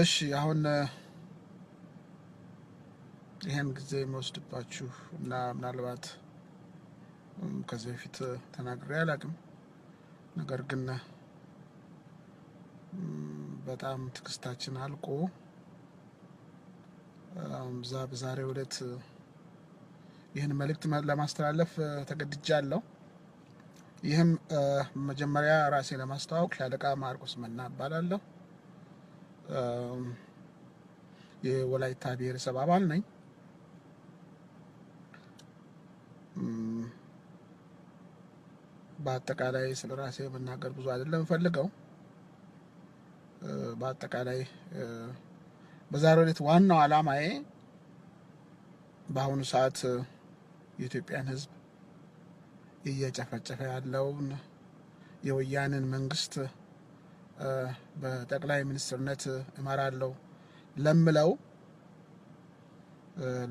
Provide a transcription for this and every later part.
እሺ አሁን ይህን ጊዜ የሚወስድባችሁ እና ምናልባት ከዚህ በፊት ተናግሬ አላቅም፣ ነገር ግን በጣም ትዕግስታችን አልቆ ዛ በዛሬው ዕለት ይህን መልእክት ለማስተላለፍ ተገድጃለሁ። ይህም መጀመሪያ ራሴ ለማስተዋወቅ ሻለቃ ማርቆስ መና እባላለሁ። የወላይታ ብሔረሰብ አባል ነኝ። በአጠቃላይ ስለ ራሴ መናገር ብዙ አይደለም ፈልገው። በአጠቃላይ በዛሬው ዕለት ዋናው ዓላማዬ በአሁኑ ሰዓት የኢትዮጵያን ሕዝብ እየጨፈጨፈ ያለውን የወያኔን መንግስት በጠቅላይ ሚኒስትርነት እመራለሁ ለምለው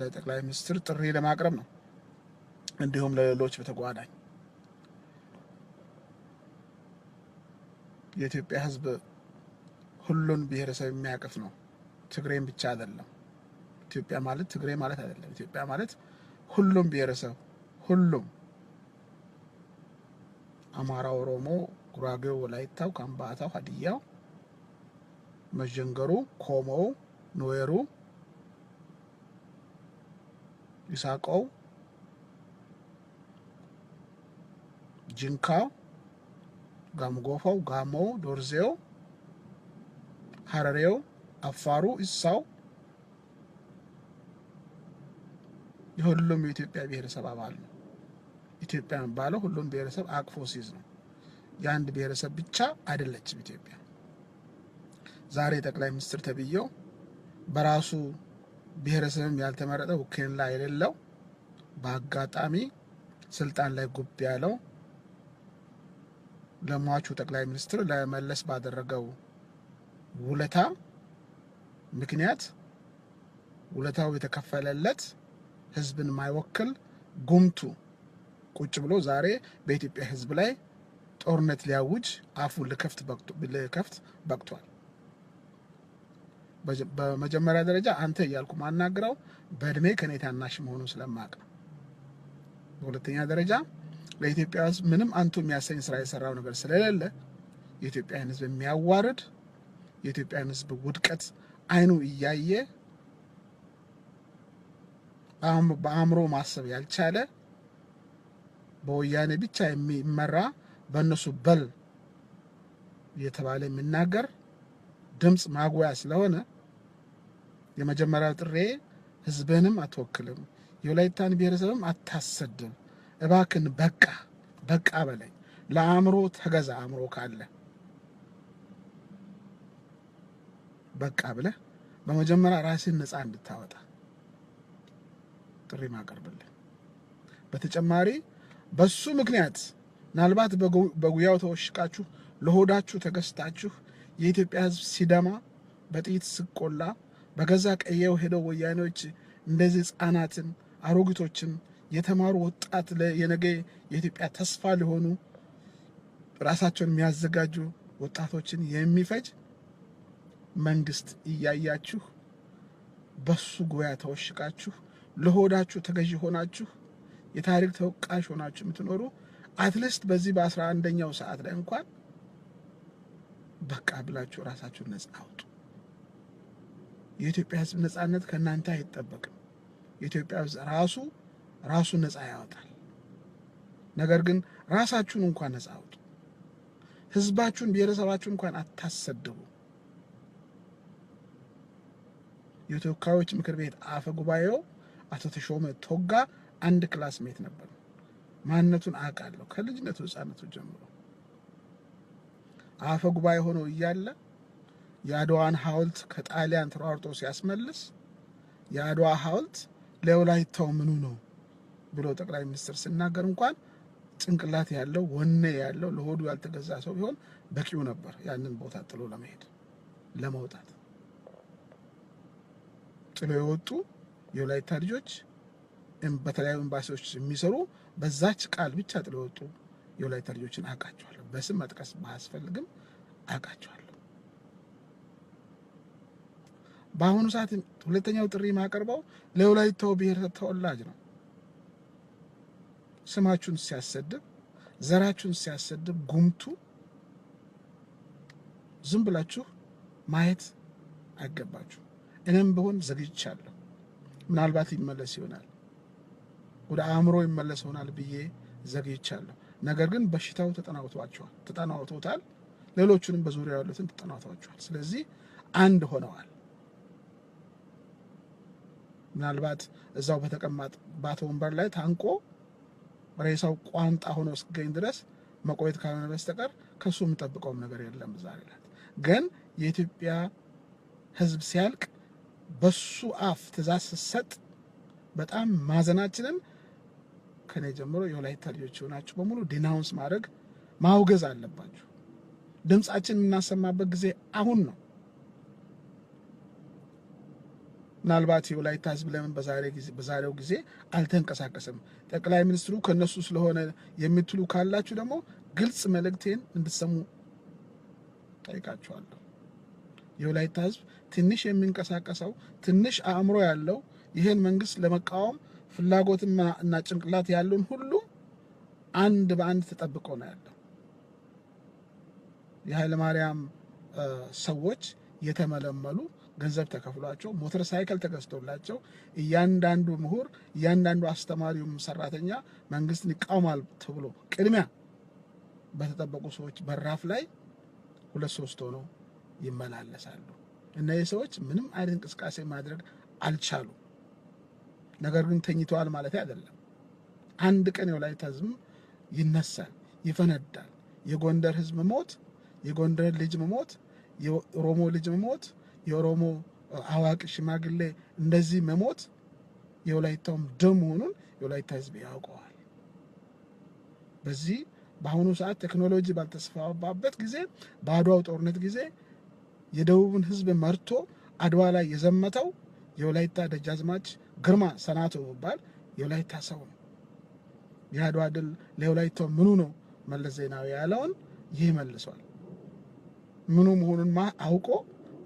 ለጠቅላይ ሚኒስትር ጥሪ ለማቅረብ ነው። እንዲሁም ለሌሎች በተጓዳኝ የኢትዮጵያ ሕዝብ ሁሉን ብሔረሰብ የሚያቅፍ ነው። ትግሬም ብቻ አይደለም። ኢትዮጵያ ማለት ትግሬ ማለት አይደለም። ኢትዮጵያ ማለት ሁሉም ብሔረሰብ ሁሉም፣ አማራ፣ ኦሮሞ ጉራጌው፣ ወላይታው፣ ከምባታው፣ ሀዲያው፣ መጀንገሩ ኮሞው፣ ኑዌሩ ይሳቀው፣ ጅንካው፣ ጋምጎፋው፣ ጋሞው፣ ዶርዜው፣ ሀረሬው፣ አፋሩ፣ ኢሳው የሁሉም የኢትዮጵያ ብሔረሰብ አባል ነው። ኢትዮጵያ የሚባለው ሁሉም ብሔረሰብ አቅፎ ሲይዝ ነው። የአንድ ብሔረሰብ ብቻ አይደለችም ኢትዮጵያ። ዛሬ ጠቅላይ ሚኒስትር ተብዬው በራሱ ብሔረሰብም ያልተመረጠ ውክልና የሌለው በአጋጣሚ ስልጣን ላይ ጉብ ያለው ለሟቹ ጠቅላይ ሚኒስትር ለመለስ ባደረገው ውለታ ምክንያት ውለታው የተከፈለለት ህዝብን ማይወክል ጉምቱ ቁጭ ብሎ ዛሬ በኢትዮጵያ ህዝብ ላይ ጦርነት ሊያውጅ አፉ ልከፍት በቅቷል። በመጀመሪያ ደረጃ አንተ እያልኩ ማናግረው በእድሜ ከኔ ታናሽ መሆኑን ስለማቅ ነው። በሁለተኛ ደረጃ ለኢትዮጵያ ሕዝብ ምንም አንቱ የሚያሰኝ ስራ የሰራው ነገር ስለሌለ የኢትዮጵያን ሕዝብ የሚያዋርድ የኢትዮጵያን ሕዝብ ውድቀት አይኑ እያየ በአእምሮ ማሰብ ያልቻለ በወያኔ ብቻ የሚመራ በእነሱ በል እየተባለ የሚናገር ድምፅ ማጉያ ስለሆነ የመጀመሪያው ጥሬ ህዝብንም አትወክልም፣ የወላይታን ብሔረሰብም አታሰድም። እባክን በቃ በቃ በላይ ለአእምሮ ተገዛ። አእምሮ ካለ በቃ ብለህ በመጀመሪያ ራስን ነፃ እንድታወጣ ጥሪ ማቀርብልን። በተጨማሪ በሱ ምክንያት ምናልባት በጉያው ተወሽቃችሁ ለሆዳችሁ ተገዝታችሁ የኢትዮጵያ ሕዝብ ሲደማ በጥይት ስቆላ በገዛ ቀየው ሄደው ወያኔዎች እንደዚህ ህጻናትን፣ አሮጊቶችን፣ የተማሩ ወጣት የነገ የኢትዮጵያ ተስፋ ሊሆኑ ራሳቸውን የሚያዘጋጁ ወጣቶችን የሚፈጅ መንግስት እያያችሁ በሱ ጉያ ተወሽቃችሁ ለሆዳችሁ ተገዢ ሆናችሁ የታሪክ ተወቃሽ ሆናችሁ የምትኖሩ አትሊስት በዚህ በአስራ አንደኛው ሰዓት ላይ እንኳን በቃ ብላችሁ ራሳችሁን ነጻ አውጡ። የኢትዮጵያ ሕዝብ ነጻነት ከእናንተ አይጠበቅም። የኢትዮጵያ ሕዝብ ራሱ ራሱ ነጻ ያወጣል። ነገር ግን ራሳችሁን እንኳን ነጻ አውጡ። ሕዝባችሁን ብሔረሰባችሁን እንኳን አታሰድቡ። የተወካዮች ምክር ቤት አፈ ጉባኤው አቶ ተሾመ ቶጋ አንድ ክላስሜት ነበር። ማንነቱን አውቃለሁ ከልጅነቱ ህፃነቱ ጀምሮ አፈ ጉባኤ ሆኖ እያለ የአድዋን ሐውልት ከጣሊያን ተሯርጦ ሲያስመልስ የአድዋ ሐውልት ለወላይታው ምኑ ነው ብሎ ጠቅላይ ሚኒስትር ሲናገር እንኳን ጭንቅላት ያለው ወኔ ያለው ለሆዱ ያልተገዛ ሰው ቢሆን በቂው ነበር ያንን ቦታ ጥሎ ለመሄድ ለመውጣት። ጥሎ የወጡ የወላይታ ልጆች በተለያዩ ኤምባሲዎች የሚሰሩ በዛች ቃል ብቻ ጥለው የወጡ የወላይታ ልጆችን አውቃቸዋለሁ። በስም መጥቀስ ባያስፈልግም አውቃቸዋለሁ። በአሁኑ ሰዓት ሁለተኛው ጥሪ የማቀርበው ለወላይታው ብሔር ተወላጅ ነው። ስማችሁን ሲያሰድብ፣ ዘራችሁን ሲያሰድብ ጉምቱ ዝም ብላችሁ ማየት አይገባችሁ። እኔም ብሆን ዘግጅቻለሁ። ምናልባት ይመለስ ይሆናል ወደ አእምሮ ይመለስ ይሆናል ብዬ ዘግይቻለሁ። ነገር ግን በሽታው ተጠናውቷቸዋል ተጠናውቶታል። ሌሎቹንም በዙሪያ ያሉትን ተጠናውቷቸዋል። ስለዚህ አንድ ሆነዋል። ምናልባት እዛው ባተ ወንበር ላይ ታንቆ ሬሳው ቋንጣ ሆኖ እስኪገኝ ድረስ መቆየት ካልሆነ በስተቀር ከሱ የምጠብቀውም ነገር የለም። ዛሬ ዕለት ግን የኢትዮጵያ ሕዝብ ሲያልቅ በሱ አፍ ትእዛዝ ስሰጥ በጣም ማዘናችንን ከኔ ጀምሮ የወላይታ ልጆች የሆናችሁ በሙሉ ዲናውንስ ማድረግ ማውገዝ አለባችሁ። ድምፃችን የምናሰማበት ጊዜ አሁን ነው። ምናልባት የወላይታ ህዝብ ለምን በዛሬው ጊዜ አልተንቀሳቀሰም ጠቅላይ ሚኒስትሩ ከእነሱ ስለሆነ የምትሉ ካላችሁ ደግሞ ግልጽ መልእክቴን እንድትሰሙ ጠይቃችኋለሁ። የወላይታ ህዝብ ትንሽ የሚንቀሳቀሰው ትንሽ አእምሮ ያለው ይህን መንግስት ለመቃወም ፍላጎትና እና ጭንቅላት ያሉን ሁሉ አንድ በአንድ ተጠብቆ ነው ያለው። የኃይለ ማርያም ሰዎች የተመለመሉ ገንዘብ ተከፍሏቸው ሞተር ሳይክል ተገዝቶላቸው እያንዳንዱ ምሁር እያንዳንዱ አስተማሪውም ሰራተኛ መንግስትን ይቃውማል ተብሎ ቅድሚያ በተጠበቁ ሰዎች በራፍ ላይ ሁለት ሶስት ሆነው ይመላለሳሉ። እነዚህ ሰዎች ምንም አይነት እንቅስቃሴ ማድረግ አልቻሉም። ነገር ግን ተኝተዋል ማለት አይደለም። አንድ ቀን የወላይታ ህዝብ ይነሳል፣ ይፈነዳል። የጎንደር ህዝብ ሞት፣ የጎንደር ልጅ መሞት፣ የኦሮሞ ልጅ መሞት፣ የኦሮሞ አዋቂ ሽማግሌ እንደዚህ መሞት የወላይታውም ደም መሆኑን የወላይታ ህዝብ ያውቀዋል። በዚህ በአሁኑ ሰዓት ቴክኖሎጂ ባልተስፋፋበት ጊዜ በአድዋው ጦርነት ጊዜ የደቡብን ህዝብ መርቶ አድዋ ላይ የዘመተው የወላይታ ደጃዝማች ግርማ ሰናቶ የሚባል የወላይታ ሰው ነው። የአድዋ ድል ለወላይታው ምኑ ነው መለስ ዜናዊ ያለውን ይህ መልሷል። ምኑ መሆኑን ማ አውቆ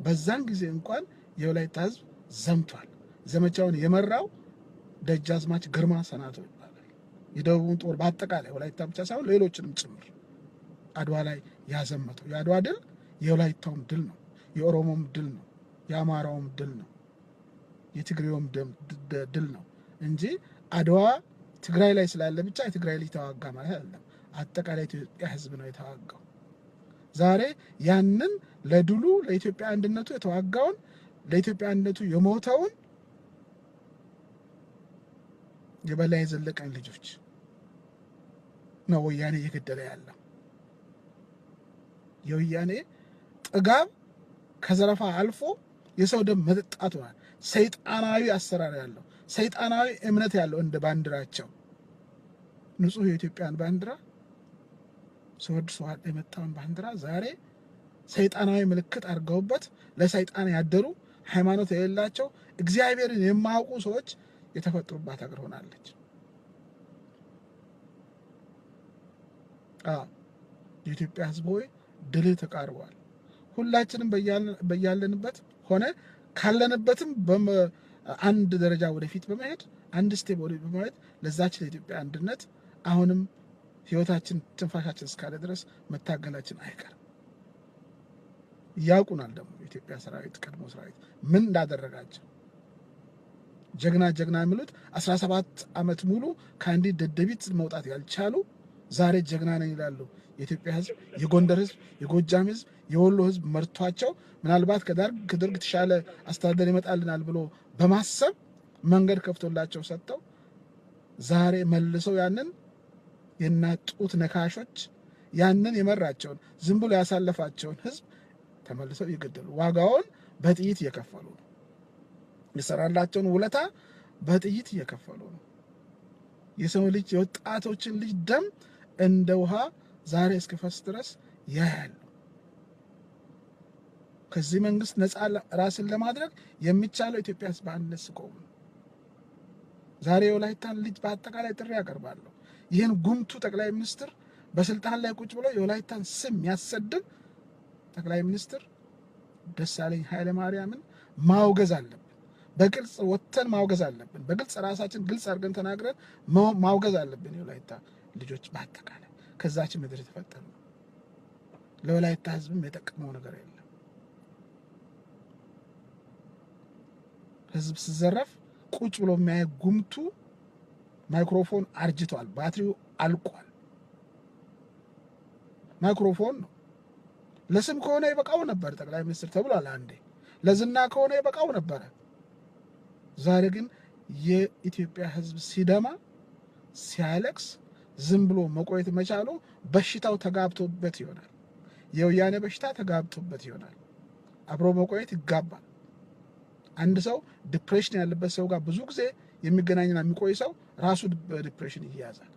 በዛን ጊዜ እንኳን የወላይታ ህዝብ ዘምቷል። ዘመቻውን የመራው ደጃዝማች ግርማ ሰናቶ ይባላል። የደቡቡን ጦር በአጠቃላይ ወላይታ ብቻ ሳይሆን ሌሎችንም ጭምር አድዋ ላይ ያዘመተው የአድዋ ድል የወላይታውም ድል ነው፣ የኦሮሞም ድል ነው፣ የአማራውም ድል ነው። የትግሬውም ድል ነው እንጂ አድዋ ትግራይ ላይ ስላለ ብቻ የትግራይ ልጅ ተዋጋ ማለት አይደለም። አጠቃላይ ኢትዮጵያ ህዝብ ነው የተዋጋው። ዛሬ ያንን ለድሉ ለኢትዮጵያ አንድነቱ የተዋጋውን ለኢትዮጵያ አንድነቱ የሞተውን የበላይ ዘለቀን ልጆች ነው ወያኔ እየገደለ ያለው። የወያኔ ጥጋብ ከዘረፋ አልፎ የሰው ደም መጠጣት ሆናል። ሰይጣናዊ አሰራር ያለው ሰይጣናዊ እምነት ያለው እንደ ባንዲራቸው ንጹህ የኢትዮጵያን ባንዲራ ሰወድ ሰዋል የመጣውን ባንዲራ ዛሬ ሰይጣናዊ ምልክት አድርገውበት ለሰይጣን ያደሩ ሃይማኖት የሌላቸው እግዚአብሔርን የማያውቁ ሰዎች የተፈጥሩባት ሀገር ሆናለች። የኢትዮጵያ ሕዝብ ሆይ ድልህ ተቃርቧል። ሁላችንም በያለንበት ሆነ ካለንበትም አንድ ደረጃ ወደፊት በመሄድ አንድ ስቴፕ ወደፊት በማለት ለዛችን ለኢትዮጵያ አንድነት አሁንም ህይወታችን ትንፋሻችን እስካለ ድረስ መታገላችን አይቀርም። ያውቁናል ደግሞ የኢትዮጵያ ሰራዊት ቀድሞ ሰራዊት ምን እንዳደረጋቸው ጀግና ጀግና የሚሉት 17 ዓመት ሙሉ ከአንዲት ደደቢት መውጣት ያልቻሉ ዛሬ ጀግና ነን ይላሉ። የኢትዮጵያ ህዝብ የጎንደር ህዝብ የጎጃም ህዝብ የወሎ ህዝብ መርቷቸው ምናልባት ከደርግ የተሻለ አስተዳደር ይመጣልናል ብሎ በማሰብ መንገድ ከፍቶላቸው ሰጥተው ዛሬ መልሰው ያንን የናጡት ነካሾች ያንን የመራቸውን ዝም ብሎ ያሳለፋቸውን ህዝብ ተመልሰው ይገደሉ ዋጋውን በጥይት እየከፈሉ ነው። የሰራላቸውን ውለታ በጥይት እየከፈሉ ነው። የሰው ልጅ የወጣቶችን ልጅ ደም እንደ ውሃ ዛሬ እስክፈርስ ድረስ ያያል። ከዚህ መንግስት ነፃ ራስን ለማድረግ የሚቻለው ኢትዮጵያ ህዝብ አንድነት ስቆም። ዛሬ የወላይታን ልጅ በአጠቃላይ ጥሪ ያቀርባለሁ። ይህን ጉምቱ ጠቅላይ ሚኒስትር በስልጣን ላይ ቁጭ ብሎ የወላይታን ስም ያሰድብ ጠቅላይ ሚኒስትር ደሳለኝ ኃይለ ማርያምን ማውገዝ አለብን። በግልጽ ወጥተን ማውገዝ አለብን። በግልጽ ራሳችን ግልጽ አድርገን ተናግረን ማውገዝ አለብን። የወላይታ ልጆች በአጠቃላይ ከዛች ምድር የተፈጠረ ነው። ለወላይታ ህዝብም የጠቀመው ነገር የለም። ህዝብ ሲዘረፍ ቁጭ ብሎ የሚያየ ጉምቱ ማይክሮፎን አርጅቷል። ባትሪው አልቋል። ማይክሮፎን ነው። ለስም ከሆነ ይበቃው ነበር ጠቅላይ ሚኒስትር ተብሏል። አንዴ ለዝና ከሆነ ይበቃው ነበረ። ዛሬ ግን የኢትዮጵያ ህዝብ ሲደማ ሲያለቅስ ዝም ብሎ መቆየት መቻሉ በሽታው ተጋብቶበት ይሆናል። የወያኔ በሽታ ተጋብቶበት ይሆናል። አብሮ መቆየት ይጋባል። አንድ ሰው ዲፕሬሽን ያለበት ሰው ጋር ብዙ ጊዜ የሚገናኝና የሚቆይ ሰው ራሱ በዲፕሬሽን ይያዛል።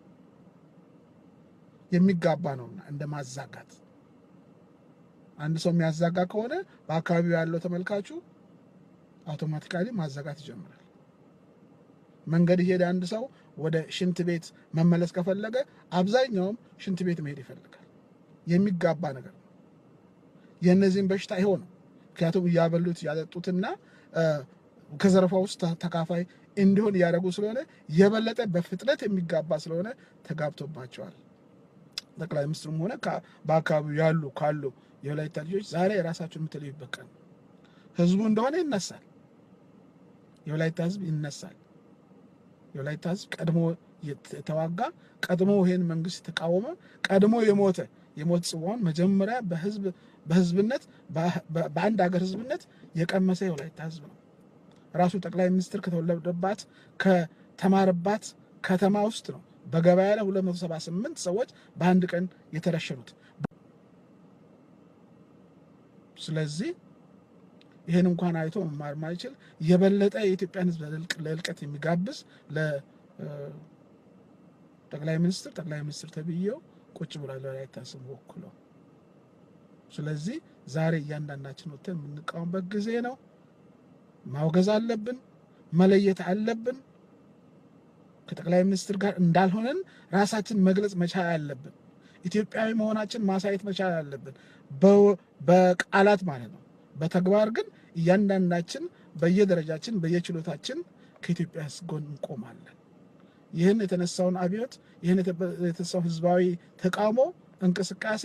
የሚጋባ ነውና እንደ ማዛጋት አንድ ሰው የሚያዛጋ ከሆነ በአካባቢው ያለው ተመልካቹ አውቶማቲካሊ ማዛጋት ይጀምራል። መንገድ ይሄድ አንድ ሰው ወደ ሽንት ቤት መመለስ ከፈለገ አብዛኛውም ሽንት ቤት መሄድ ይፈልጋል። የሚጋባ ነገር ነው። የእነዚህም በሽታ አይሆንም። ምክንያቱም እያበሉት እያጠጡትና ከዘረፋ ውስጥ ተካፋይ እንዲሆን እያደረጉ ስለሆነ የበለጠ በፍጥነት የሚጋባ ስለሆነ ተጋብቶባቸዋል። ጠቅላይ ሚኒስትሩም ሆነ በአካባቢው ያሉ ካሉ የወላይታ ልጆች ዛሬ የራሳቸውን የምትለዩበት ቀን ህዝቡ እንደሆነ ይነሳል። የወላይታ ህዝብ ይነሳል። የወላይታ ህዝብ ቀድሞ የተዋጋ ቀድሞ ይሄን መንግስት የተቃወመ ቀድሞ የሞተ የሞት ጽዋውን መጀመሪያ በህዝብ በህዝብነት በአንድ ሀገር ህዝብነት የቀመሰ የወላይታ ህዝብ ነው። ራሱ ጠቅላይ ሚኒስትር ከተወለደባት ከተማረባት ከተማ ውስጥ ነው በገበያ ላይ 278 ሰዎች በአንድ ቀን የተረሸኑት። ስለዚህ ይህን እንኳን አይቶ መማር ማይችል የበለጠ የኢትዮጵያን ሕዝብ ለእልቀት የሚጋብዝ ለጠቅላይ ሚኒስትር ጠቅላይ ሚኒስትር ተብዬው ቁጭ ብሏል ስም ወክሎ። ስለዚህ ዛሬ እያንዳንዳችን ወጥተን የምንቃወምበት ጊዜ ነው። ማውገዝ አለብን፣ መለየት አለብን። ከጠቅላይ ሚኒስትር ጋር እንዳልሆነን ራሳችን መግለጽ መቻል አለብን። ኢትዮጵያዊ መሆናችን ማሳየት መቻል አለብን፣ በቃላት ማለት ነው። በተግባር ግን እያንዳንዳችን በየደረጃችን በየችሎታችን ከኢትዮጵያ ስጎን ጎን እንቆማለን። ይህን የተነሳውን አብዮት ይህን የተነሳው ህዝባዊ ተቃውሞ እንቅስቃሴ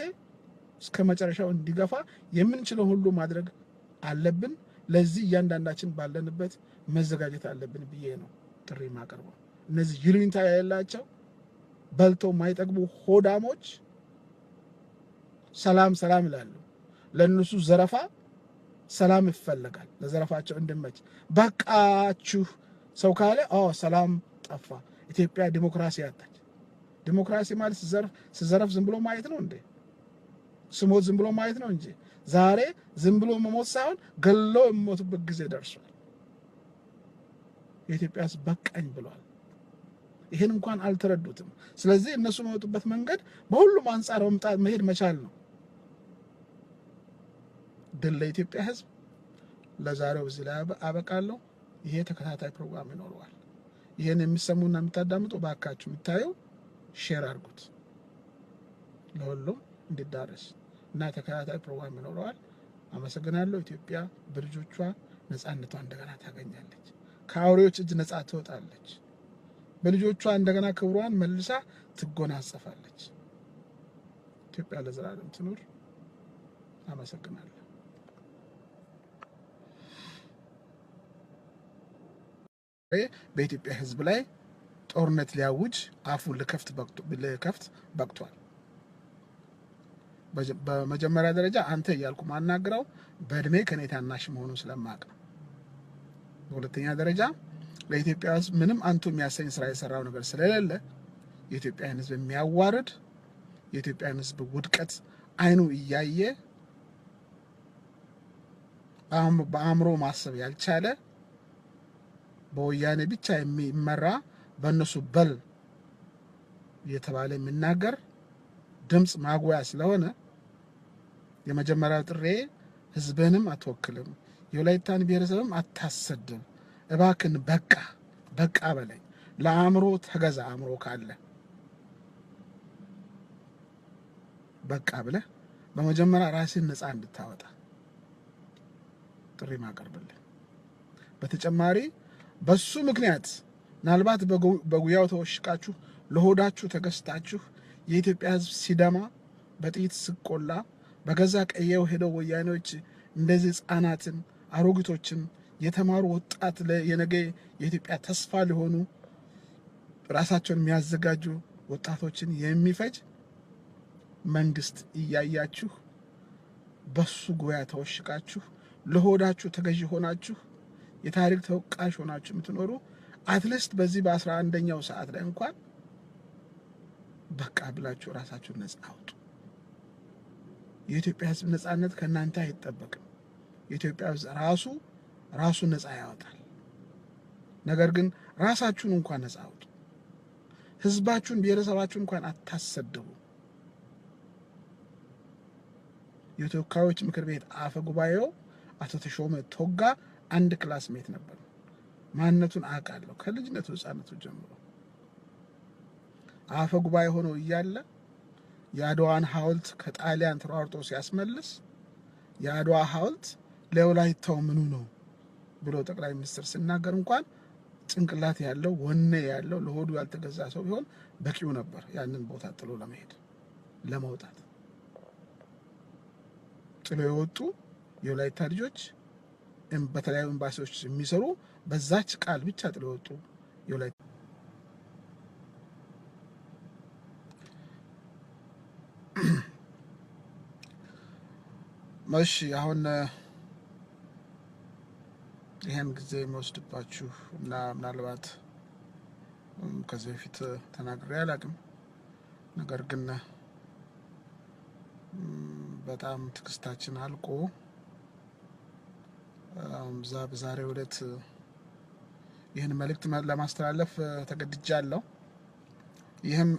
እስከ መጨረሻው እንዲገፋ የምንችለው ሁሉ ማድረግ አለብን። ለዚህ እያንዳንዳችን ባለንበት መዘጋጀት አለብን ብዬ ነው ጥሪ ማቀርበው። እነዚህ ይሉኝታ የሌላቸው በልተው ማይጠግቡ ሆዳሞች ሰላም ሰላም ይላሉ። ለእነሱ ዘረፋ ሰላም ይፈለጋል። ለዘረፋቸው እንድመች በቃችሁ ሰው ካለ አዎ ሰላም ጠፋ። ኢትዮጵያ ዲሞክራሲ ያጣች። ዲሞክራሲ ማለት ስዘረፍ ዝም ብሎ ማየት ነው እንዴ? ስሞት ዝም ብሎ ማየት ነው እንጂ ዛሬ ዝም ብሎ መሞት ሳይሆን ገሎ የሚሞቱበት ጊዜ ደርሷል። የኢትዮጵያ ሕዝብ በቃኝ ብሏል። ይህን እንኳን አልተረዱትም። ስለዚህ እነሱ የሚወጡበት መንገድ በሁሉም አንጻር መምጣት መሄድ መቻል ነው። ድል ለኢትዮጵያ ህዝብ ለዛሬው እዚህ ላይ አበቃለሁ። ይሄ ተከታታይ ፕሮግራም ይኖረዋል። ይህን የሚሰሙና የምታዳምጡ ባካችሁ የምታየው ሼር አድርጉት ለሁሉም እንዲዳረስ እና ተከታታይ ፕሮግራም ይኖረዋል። አመሰግናለሁ። ኢትዮጵያ በልጆቿ ነጻነቷ እንደገና ታገኛለች። ከአውሬዎች እጅ ነፃ ትወጣለች። በልጆቿ እንደገና ክብሯን መልሳ ትጎናጸፋለች። ኢትዮጵያ ለዘላለም ትኑር። አመሰግናለሁ። በኢትዮጵያ ህዝብ ላይ ጦርነት ሊያውጅ አፉን ልከፍት በቅቷል። በመጀመሪያ ደረጃ አንተ እያልኩ ማናግረው በእድሜ ከኔ ታናሽ መሆኑን ስለማቅ ነው። በሁለተኛ ደረጃ ለኢትዮጵያ ህዝብ ምንም አንቱ የሚያሰኝ ስራ የሰራው ነገር ስለሌለ የኢትዮጵያን ህዝብ የሚያዋርድ የኢትዮጵያን ህዝብ ውድቀት አይኑ እያየ በአእምሮ ማሰብ ያልቻለ በወያኔ ብቻ የሚመራ በእነሱ በል እየተባለ የሚናገር ድምፅ ማጉያ ስለሆነ የመጀመሪያው ጥሬ ህዝብንም አትወክልም፣ የወላይታን ብሔረሰብም አታሰድም። እባክን በቃ በቃ በለኝ። ለአእምሮ ተገዛ። አእምሮ ካለ በቃ ብለህ በመጀመሪያ ራሴን ነፃ እንድታወጣ ጥሪ ማቀርብልን በተጨማሪ በሱ ምክንያት ምናልባት በጉያው ተወሽቃችሁ ለሆዳችሁ ተገዝታችሁ የኢትዮጵያ ሕዝብ ሲደማ በጥይት ስቆላ በገዛ ቀየው ሄደው ወያኔዎች እንደዚህ ሕፃናትን አሮጊቶችን የተማሩ ወጣት የነገ የኢትዮጵያ ተስፋ ሊሆኑ ራሳቸውን የሚያዘጋጁ ወጣቶችን የሚፈጅ መንግስት እያያችሁ በሱ ጉያ ተወሽቃችሁ ለሆዳችሁ ተገዥ ሆናችሁ የታሪክ ተወቃሽ ሆናችሁ የምትኖሩ አትሊስት በዚህ በአስራ አንደኛው ሰዓት ላይ እንኳን በቃ ብላችሁ ራሳችሁን ነጻ አውጡ። የኢትዮጵያ ሕዝብ ነጻነት ከእናንተ አይጠበቅም። የኢትዮጵያ ሕዝብ ራሱ ራሱ ነጻ ያወጣል። ነገር ግን ራሳችሁን እንኳን ነጻ አውጡ። ህዝባችሁን፣ ብሔረሰባችሁን እንኳን አታሰድቡ። የተወካዮች ምክር ቤት አፈ ጉባኤው አቶ ተሾመ ቶጋ አንድ ክላስ ሜት ነበር። ማንነቱን አውቃለሁ ከልጅነቱ ህጻነቱ ጀምሮ አፈ ጉባኤ ሆኖ እያለ የአድዋን ሐውልት ከጣሊያን ተሯርጦ ሲያስመልስ የአድዋ ሐውልት ለወላይታው ምኑ ነው ብሎ ጠቅላይ ሚኒስትር ሲናገር እንኳን ጭንቅላት ያለው ወኔ ያለው ለሆዱ ያልተገዛ ሰው ቢሆን በቂው ነበር ያንን ቦታ ጥሎ ለመሄድ ለመውጣት ጥሎ የወጡ የወላይታ ልጆች በተለያዩ ኤምባሲዎች የሚሰሩ በዛች ቃል ብቻ ጥለው የወጡ የወላይታ እሺ አሁን ይህን ጊዜ የሚወስድባችሁ እና ምናልባት ከዚህ በፊት ተናግሬ አላቅም። ነገር ግን በጣም ትዕግስታችን አልቆ በዛሬ ዕለት ይህን መልእክት ለማስተላለፍ ተገድጃለሁ። ይህም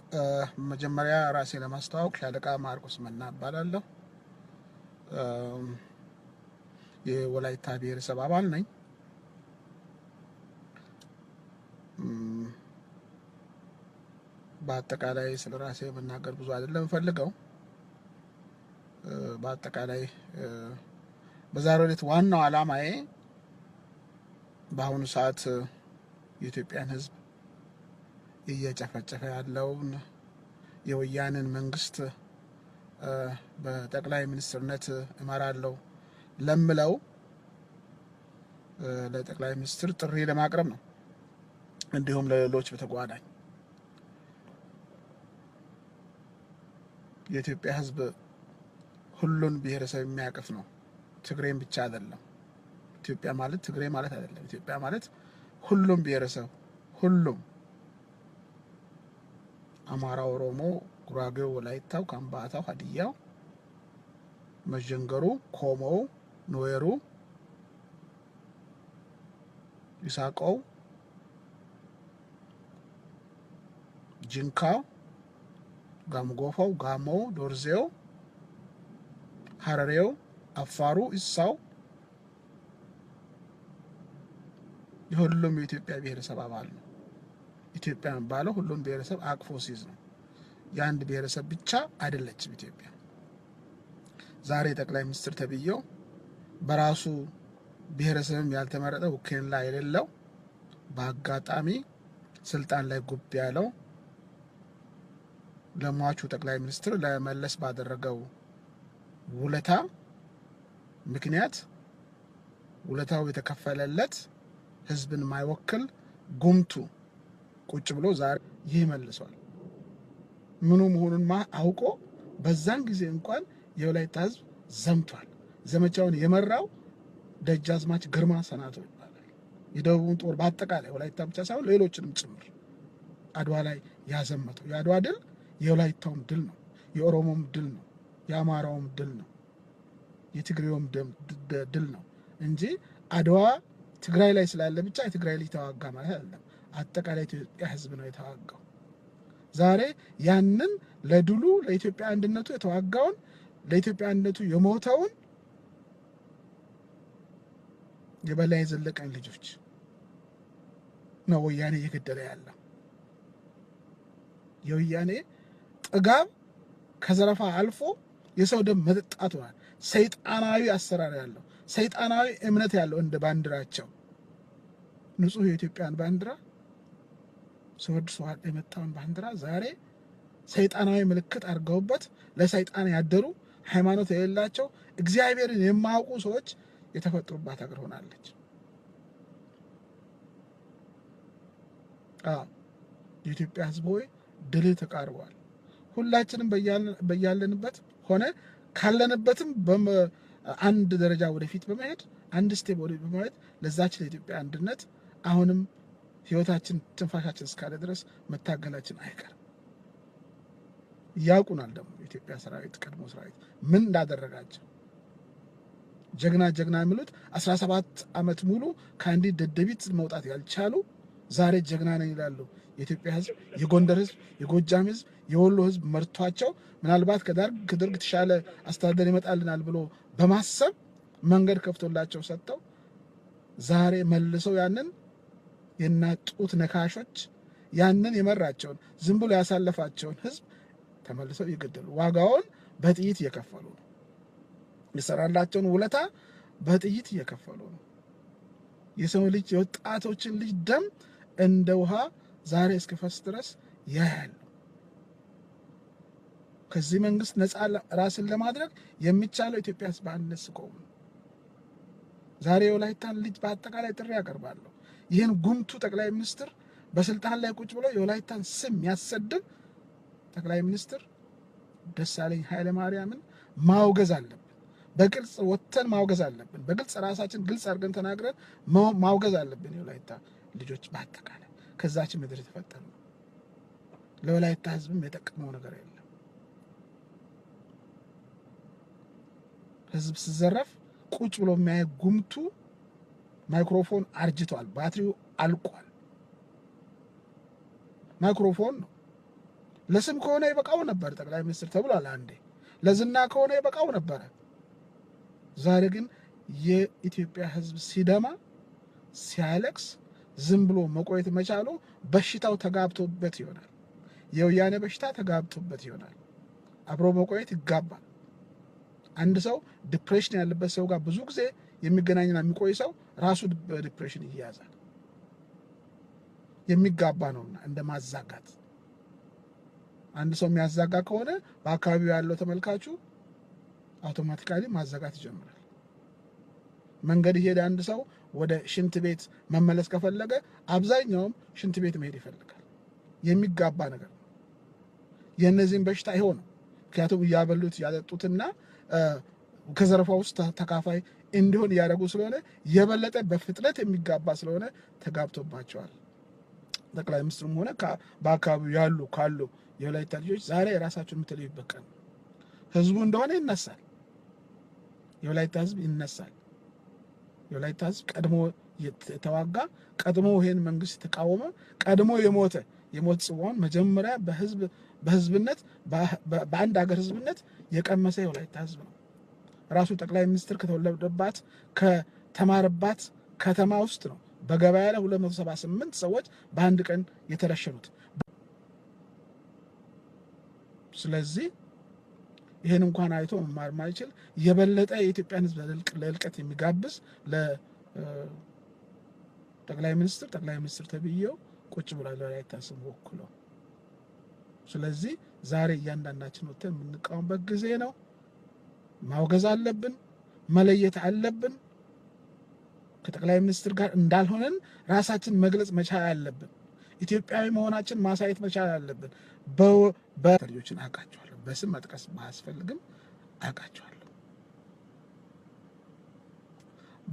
መጀመሪያ ራሴ ለማስተዋወቅ ሻለቃ ማርቆስ መና እባላለሁ። የወላይታ ብሔረሰብ አባል ነኝ። በአጠቃላይ ስለ ራሴ መናገር ብዙ አይደለም ፈልገው በአጠቃላይ በዛሬው ዕለት ዋናው ዓላማዬ በአሁኑ ሰዓት የኢትዮጵያን ሕዝብ እየጨፈጨፈ ያለውን የወያንን መንግስት በጠቅላይ ሚኒስትርነት እመራለሁ ለምለው ለጠቅላይ ሚኒስትር ጥሪ ለማቅረብ ነው። እንዲሁም ለሌሎች በተጓዳኝ የኢትዮጵያ ሕዝብ ሁሉን ብሔረሰብ የሚያቅፍ ነው። ትግሬን ብቻ አይደለም። ኢትዮጵያ ማለት ትግሬ ማለት አይደለም። ኢትዮጵያ ማለት ሁሉም ብሔረሰብ ሁሉም አማራ፣ ኦሮሞ፣ ጉራጌው፣ ወላይታው፣ ከምባታው፣ ሀዲያው፣ መጀንገሩ ኮሞው፣ ኖዌሩ፣ ይሳቀው፣ ጅንካው፣ ጋምጎፋው፣ ጋሞው፣ ዶርዜው፣ ሀረሬው አፋሩ እሳው የሁሉም የኢትዮጵያ ብሔረሰብ አባል ነው። ኢትዮጵያ የሚባለው ሁሉም ብሔረሰብ አቅፎ ሲይዝ ነው። የአንድ ብሔረሰብ ብቻ አይደለችም ኢትዮጵያ። ዛሬ ጠቅላይ ሚኒስትር ተብዬው በራሱ ብሔረሰብም ያልተመረጠ ውክልና ላይ የሌለው በአጋጣሚ ስልጣን ላይ ጉብ ያለው ለሟቹ ጠቅላይ ሚኒስትር ለመለስ ባደረገው ውለታ ምክንያት ውለታው የተከፈለለት ህዝብን ማይወክል ጉምቱ ቁጭ ብሎ ዛሬ ይህ መልሷል። ምኑ መሆኑን ማ አውቆ በዛን ጊዜ እንኳን የወላይታ ህዝብ ዘምቷል። ዘመቻውን የመራው ደጃዝማች ግርማ ሰናቶ ይባላል። የደቡቡን ጦር በአጠቃላይ ወላይታ ብቻ ሳይሆን ሌሎችንም ጭምር አድዋ ላይ ያዘመተው የአድዋ ድል የወላይታውም ድል ነው፣ የኦሮሞም ድል ነው፣ የአማራውም ድል ነው። የትግሬውም ድል ነው እንጂ አድዋ ትግራይ ላይ ስላለ ብቻ የትግራይ ልጅ ተዋጋ ማለት አይደለም። አጠቃላይ ኢትዮጵያ ህዝብ ነው የተዋጋው። ዛሬ ያንን ለድሉ ለኢትዮጵያ አንድነቱ የተዋጋውን ለኢትዮጵያ አንድነቱ የሞተውን የበላይ ዘለቀን ልጆች ነው ወያኔ እየገደለ ያለው። የወያኔ ጥጋብ ከዘረፋ አልፎ የሰው ደም መጠጣት ሆኗል። ሰይጣናዊ አሰራር ያለው ሰይጣናዊ እምነት ያለው እንደ ባንዲራቸው ንጹህ የኢትዮጵያን ባንዲራ ሰወድ ሰዋል የመጣውን ባንዲራ ዛሬ ሰይጣናዊ ምልክት አድርገውበት ለሰይጣን ያደሩ ሃይማኖት የሌላቸው እግዚአብሔርን የማያውቁ ሰዎች የተፈጥሩባት ሀገር ሆናለች። የኢትዮጵያ ሕዝብ ሆይ ድልህ ተቃርቧል። ሁላችንም በያለንበት ሆነ ካለንበትም አንድ ደረጃ ወደፊት በመሄድ አንድ ስቴፕ ወደፊት በመሄድ ለዛች ለኢትዮጵያ አንድነት አሁንም ህይወታችን ትንፋሻችን እስካለ ድረስ መታገላችን አይቀርም። ያውቁናል ደግሞ የኢትዮጵያ ሰራዊት ቀድሞ ሰራዊት ምን እንዳደረጋቸው ጀግና ጀግና የሚሉት አስራ ሰባት ዓመት ሙሉ ከአንዲት ደደቢት መውጣት ያልቻሉ ዛሬ ጀግና ነኝ ይላሉ። የኢትዮጵያ ህዝብ የጎንደር ህዝብ የጎጃም ህዝብ የወሎ ህዝብ መርቷቸው ምናልባት ከደርግ የተሻለ አስተዳደር ይመጣልናል ብሎ በማሰብ መንገድ ከፍቶላቸው ሰጥተው ዛሬ መልሰው ያንን የናጡት ነካሾች ያንን የመራቸውን ዝም ብሎ ያሳለፋቸውን ህዝብ ተመልሰው ይገደሉ ዋጋውን በጥይት እየከፈሉ ነው። የሰራላቸውን ውለታ በጥይት እየከፈሉ ነው። የሰው ልጅ የወጣቶችን ልጅ ደም እንደ ውሃ ዛሬ እስኪፈስ ድረስ ያያል። ከዚህ መንግስት ነፃ ራስን ለማድረግ የሚቻለው ኢትዮጵያ ህዝብ አንድነት ሲቆም። ዛሬ የወላይታን ልጅ በአጠቃላይ ጥሪ ያቀርባለሁ። ይህን ጉምቱ ጠቅላይ ሚኒስትር በስልጣን ላይ ቁጭ ብሎ የወላይታን ስም ያሰድብ ጠቅላይ ሚኒስትር ደሳለኝ ኃይለ ማርያምን ማውገዝ አለብን። በግልጽ ወጥተን ማውገዝ አለብን። በግልጽ ራሳችን ግልጽ አድርገን ተናግረን ማውገዝ አለብን የወላይታ ልጆች በአጠቃላይ ከዛች ምድር የተፈጠሩ ለወላይታ ህዝብም የጠቀመው ነገር የለም። ህዝብ ሲዘረፍ ቁጭ ብሎ የሚያይ ጉምቱ ማይክሮፎን አርጅቷል፣ ባትሪው አልቋል። ማይክሮፎን ነው። ለስም ከሆነ ይበቃው ነበር ጠቅላይ ሚኒስትር ተብሏል አንዴ። ለዝና ከሆነ ይበቃው ነበረ። ዛሬ ግን የኢትዮጵያ ህዝብ ሲደማ ሲያለቅስ ዝም ብሎ መቆየት መቻሉ በሽታው ተጋብቶበት ይሆናል። የወያኔ በሽታ ተጋብቶበት ይሆናል። አብሮ መቆየት ይጋባል። አንድ ሰው ዲፕሬሽን ያለበት ሰው ጋር ብዙ ጊዜ የሚገናኝና የሚቆይ ሰው ራሱ በዲፕሬሽን ይያዛል። የሚጋባ ነውና እንደ ማዛጋት አንድ ሰው የሚያዛጋ ከሆነ በአካባቢው ያለው ተመልካቹ አውቶማቲካሊ ማዛጋት ይጀምራል። መንገድ ይሄድ አንድ ሰው ወደ ሽንት ቤት መመለስ ከፈለገ አብዛኛውም ሽንት ቤት መሄድ ይፈልጋል። የሚጋባ ነገር ነው። የእነዚህም በሽታ ይሆ ነው። ምክንያቱም እያበሉት እያጠጡትና ከዘረፋ ውስጥ ተካፋይ እንዲሆን እያደረጉ ስለሆነ የበለጠ በፍጥነት የሚጋባ ስለሆነ ተጋብቶባቸዋል። ጠቅላይ ሚኒስትሩም ሆነ በአካባቢው ያሉ ካሉ የወላይታ ልጆች ዛሬ የራሳቸውን የምትለዩበት ቀን ህዝቡ እንደሆነ ይነሳል። የወላይታ ህዝብ ይነሳል። የወላይታ ህዝብ ቀድሞ የተዋጋ ቀድሞ ይሄን መንግስት የተቃወመ ቀድሞ የሞተ የሞት ጽዋውን መጀመሪያ በህዝብ በህዝብነት በአንድ ሀገር ህዝብነት የቀመሰ የወላይታ ህዝብ ነው። ራሱ ጠቅላይ ሚኒስትር ከተወለደባት ከተማረባት ከተማ ውስጥ ነው በገበያ ላይ 278 ሰዎች በአንድ ቀን የተረሸኑት። ስለዚህ ይህን እንኳን አይቶ መማር ማይችል የበለጠ የኢትዮጵያን ሕዝብ ለእልቀት የሚጋብዝ ለጠቅላይ ሚኒስትር ጠቅላይ ሚኒስትር ተብዬው ቁጭ ብሏል አይታስብ ወክለው። ስለዚህ ዛሬ እያንዳንዳችን ወጥተን የምንቃወምበት ጊዜ ነው። ማውገዝ አለብን፣ መለየት አለብን። ከጠቅላይ ሚኒስትር ጋር እንዳልሆነን ራሳችን መግለጽ መቻል አለብን። ኢትዮጵያዊ መሆናችን ማሳየት መቻል አለብን። በተሪዎችን አውቃቸዋለሁ በስም መጥቀስ ባያስፈልግም አውቃቸዋለሁ።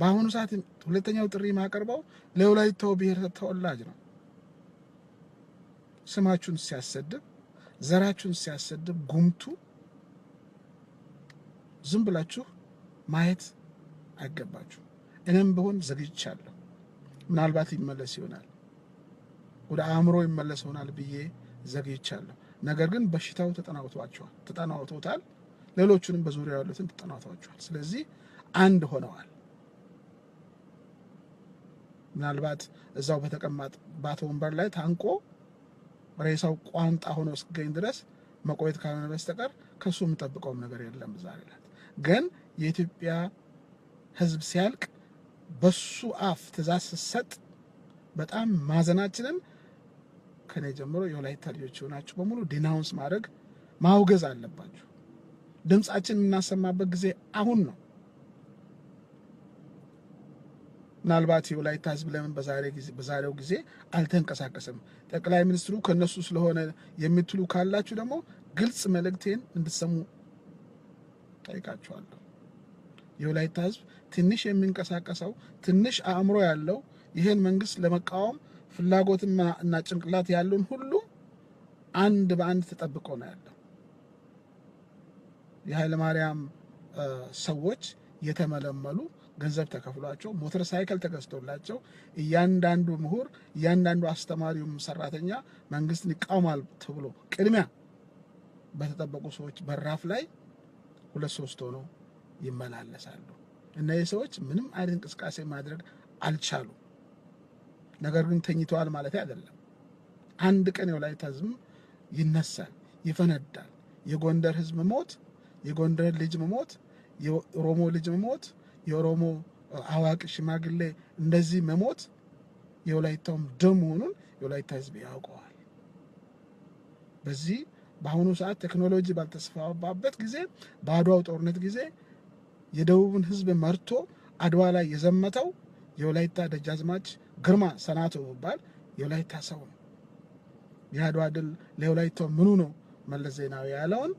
በአሁኑ ሰዓት ሁለተኛው ጥሪ የማቀርበው ለወላይታው ብሔር ተወላጅ ነው። ስማችሁን ሲያሰድብ፣ ዘራችሁን ሲያሰድብ ጉምቱ ዝም ብላችሁ ማየት አይገባችሁ። እኔም ብሆን ዘግይቻለሁ። ምናልባት ይመለስ ይሆናል ወደ አእምሮ ይመለስ ይሆናል ብዬ ዘግይቻለሁ። ነገር ግን በሽታው ተጠናውተዋቸዋል ተጠናውተውታል። ሌሎቹንም በዙሪያ ያሉትን ተጠናውተዋቸዋል። ስለዚህ አንድ ሆነዋል። ምናልባት እዛው ባተ ወንበር ላይ ታንቆ ሬሳው ቋንጣ ሆኖ እስኪገኝ ድረስ መቆየት ካልሆነ በስተቀር ከሱ የምጠብቀውም ነገር የለም። ዛሬ ግን የኢትዮጵያ ህዝብ ሲያልቅ በሱ አፍ ትእዛዝ ስሰጥ በጣም ማዘናችንን ከኔ ጀምሮ የወላይታ ልጆች የሆናችሁ በሙሉ ዲናውንስ ማድረግ ማውገዝ አለባችሁ። ድምፃችን የምናሰማበት ጊዜ አሁን ነው። ምናልባት የወላይታ ህዝብ ለምን በዛሬው ጊዜ አልተንቀሳቀሰም፣ ጠቅላይ ሚኒስትሩ ከእነሱ ስለሆነ የምትሉ ካላችሁ ደግሞ ግልጽ መልእክቴን እንድትሰሙ ጠይቃችኋለሁ። የወላይታ ህዝብ ትንሽ የሚንቀሳቀሰው ትንሽ አእምሮ ያለው ይህን መንግስት ለመቃወም ፍላጎትና እና ጭንቅላት ያሉን ሁሉ አንድ በአንድ ተጠብቆ ነው ያለው። የኃይለ ማርያም ሰዎች የተመለመሉ ገንዘብ ተከፍሏቸው ሞተር ሳይክል ተገዝቶላቸው እያንዳንዱ ምሁር እያንዳንዱ አስተማሪውም ሰራተኛ መንግስትን ይቃውማል ተብሎ ቅድሚያ በተጠበቁ ሰዎች በራፍ ላይ ሁለት ሶስት ሆነው ይመላለሳሉ። እነዚህ ሰዎች ምንም አይነት እንቅስቃሴ ማድረግ አልቻሉም። ነገር ግን ተኝተዋል ማለት አይደለም። አንድ ቀን የወላይታ ህዝብ ይነሳል፣ ይፈነዳል። የጎንደር ህዝብ ሞት፣ የጎንደር ልጅ መሞት፣ የኦሮሞ ልጅ መሞት፣ የኦሮሞ አዋቂ ሽማግሌ እንደዚህ መሞት የወላይታውም ደም መሆኑን የወላይታ ህዝብ ያውቀዋል። በዚህ በአሁኑ ሰዓት ቴክኖሎጂ ባልተስፋፋበት ጊዜ በአድዋው ጦርነት ጊዜ የደቡብን ህዝብ መርቶ አድዋ ላይ የዘመተው የወላይታ ደጃዝማች ግርማ ሰናቶ ይባል የወላይታ ሰው ነው። የአድዋ ድል ለወላይታው ምኑ ነው መለስ ዜናዊ ያለውን